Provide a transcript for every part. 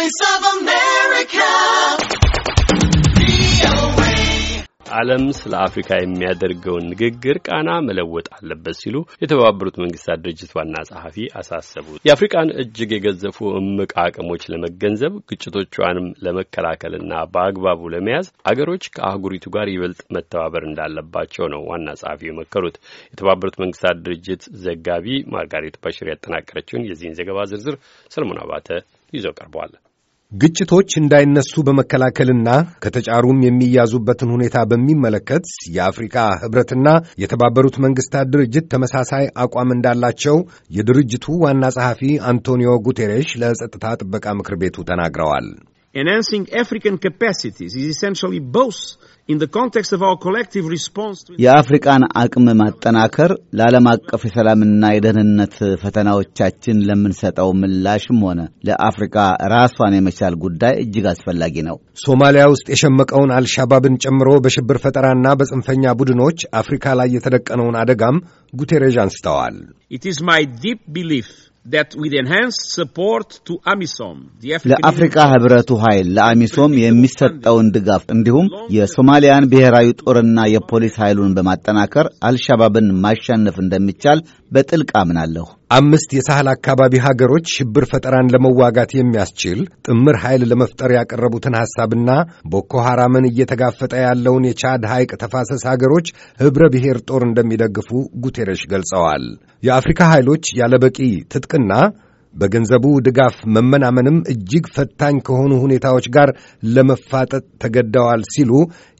Voice of America. ዓለም ስለ አፍሪካ የሚያደርገውን ንግግር ቃና መለወጥ አለበት ሲሉ የተባበሩት መንግስታት ድርጅት ዋና ጸሐፊ አሳሰቡ። የአፍሪካን እጅግ የገዘፉ እምቅ አቅሞች ለመገንዘብ ግጭቶቿንም ለመከላከልና በአግባቡ ለመያዝ አገሮች ከአህጉሪቱ ጋር ይበልጥ መተባበር እንዳለባቸው ነው ዋና ጸሐፊ የመከሩት። የተባበሩት መንግስታት ድርጅት ዘጋቢ ማርጋሬት ባሽር ያጠናቀረችውን የዚህን ዘገባ ዝርዝር ሰለሞን አባተ ይዘው ቀርበዋል። ግጭቶች እንዳይነሱ በመከላከልና ከተጫሩም የሚያዙበትን ሁኔታ በሚመለከት የአፍሪካ ህብረትና የተባበሩት መንግስታት ድርጅት ተመሳሳይ አቋም እንዳላቸው የድርጅቱ ዋና ጸሐፊ አንቶኒዮ ጉቴሬሽ ለጸጥታ ጥበቃ ምክር ቤቱ ተናግረዋል። የአፍሪቃን አቅም ማጠናከር ለዓለም አቀፍ የሰላምና የደህንነት ፈተናዎቻችን ለምንሰጠው ምላሽም ሆነ ለአፍሪካ ራሷን የመቻል ጉዳይ እጅግ አስፈላጊ ነው። ሶማሊያ ውስጥ የሸመቀውን አልሻባብን ጨምሮ በሽብር ፈጠራና በጽንፈኛ ቡድኖች አፍሪካ ላይ የተደቀነውን አደጋም ጉቴሬዥ አንስተዋል። ኢት ኢዝ ማይ ዲፕ ቢሊፍ ለአፍሪካ ህብረቱ ኃይል ለአሚሶም የሚሰጠውን ድጋፍ እንዲሁም የሶማሊያን ብሔራዊ ጦርና የፖሊስ ኃይሉን በማጠናከር አልሻባብን ማሸነፍ እንደሚቻል በጥልቅ አምናለሁ። አምስት የሳህል አካባቢ ሀገሮች ሽብር ፈጠራን ለመዋጋት የሚያስችል ጥምር ኃይል ለመፍጠር ያቀረቡትን ሐሳብና ቦኮ ሐራምን እየተጋፈጠ ያለውን የቻድ ሐይቅ ተፋሰስ ሀገሮች ኅብረ ብሔር ጦር እንደሚደግፉ ጉቴረሽ ገልጸዋል። የአፍሪካ ኃይሎች ያለበቂ ። ትጥቅ ጽድቅና በገንዘቡ ድጋፍ መመናመንም እጅግ ፈታኝ ከሆኑ ሁኔታዎች ጋር ለመፋጠጥ ተገደዋል ሲሉ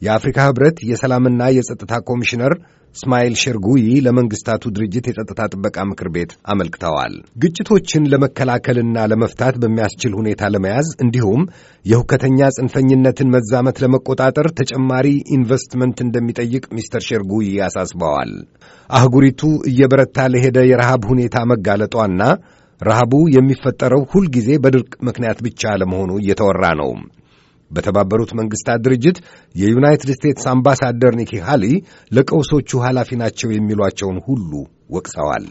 የአፍሪካ ህብረት የሰላምና የጸጥታ ኮሚሽነር እስማኤል ሸርጉይ ለመንግስታቱ ድርጅት የጸጥታ ጥበቃ ምክር ቤት አመልክተዋል። ግጭቶችን ለመከላከልና ለመፍታት በሚያስችል ሁኔታ ለመያዝ እንዲሁም የሁከተኛ ጽንፈኝነትን መዛመት ለመቆጣጠር ተጨማሪ ኢንቨስትመንት እንደሚጠይቅ ሚስተር ሸርጉይ አሳስበዋል። አህጉሪቱ እየበረታ ለሄደ የረሃብ ሁኔታ መጋለጧና ረሃቡ የሚፈጠረው ሁልጊዜ በድርቅ ምክንያት ብቻ ለመሆኑ እየተወራ ነው። በተባበሩት መንግሥታት ድርጅት የዩናይትድ ስቴትስ አምባሳደር ኒኪ ሃሊ ለቀውሶቹ ኃላፊ ናቸው የሚሏቸውን ሁሉ ወቅሰዋል።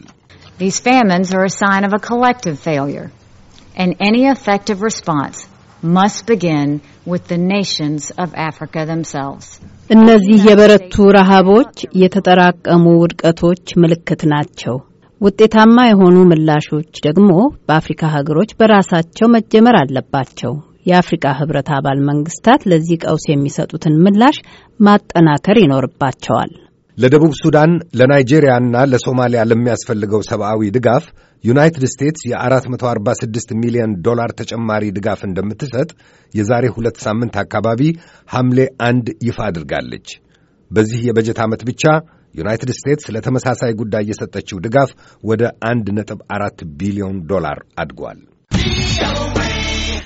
እነዚህ የበረቱ ረሃቦች የተጠራቀሙ ውድቀቶች ምልክት ናቸው። ውጤታማ የሆኑ ምላሾች ደግሞ በአፍሪካ ሀገሮች በራሳቸው መጀመር አለባቸው። የአፍሪካ ህብረት አባል መንግስታት ለዚህ ቀውስ የሚሰጡትን ምላሽ ማጠናከር ይኖርባቸዋል። ለደቡብ ሱዳን፣ ለናይጄሪያና ለሶማሊያ ለሚያስፈልገው ሰብአዊ ድጋፍ ዩናይትድ ስቴትስ የ446 ሚሊዮን ዶላር ተጨማሪ ድጋፍ እንደምትሰጥ የዛሬ ሁለት ሳምንት አካባቢ ሐምሌ አንድ ይፋ አድርጋለች። በዚህ የበጀት ዓመት ብቻ ዩናይትድ ስቴትስ ለተመሳሳይ ጉዳይ የሰጠችው ድጋፍ ወደ 1.4 ቢሊዮን ዶላር አድጓል።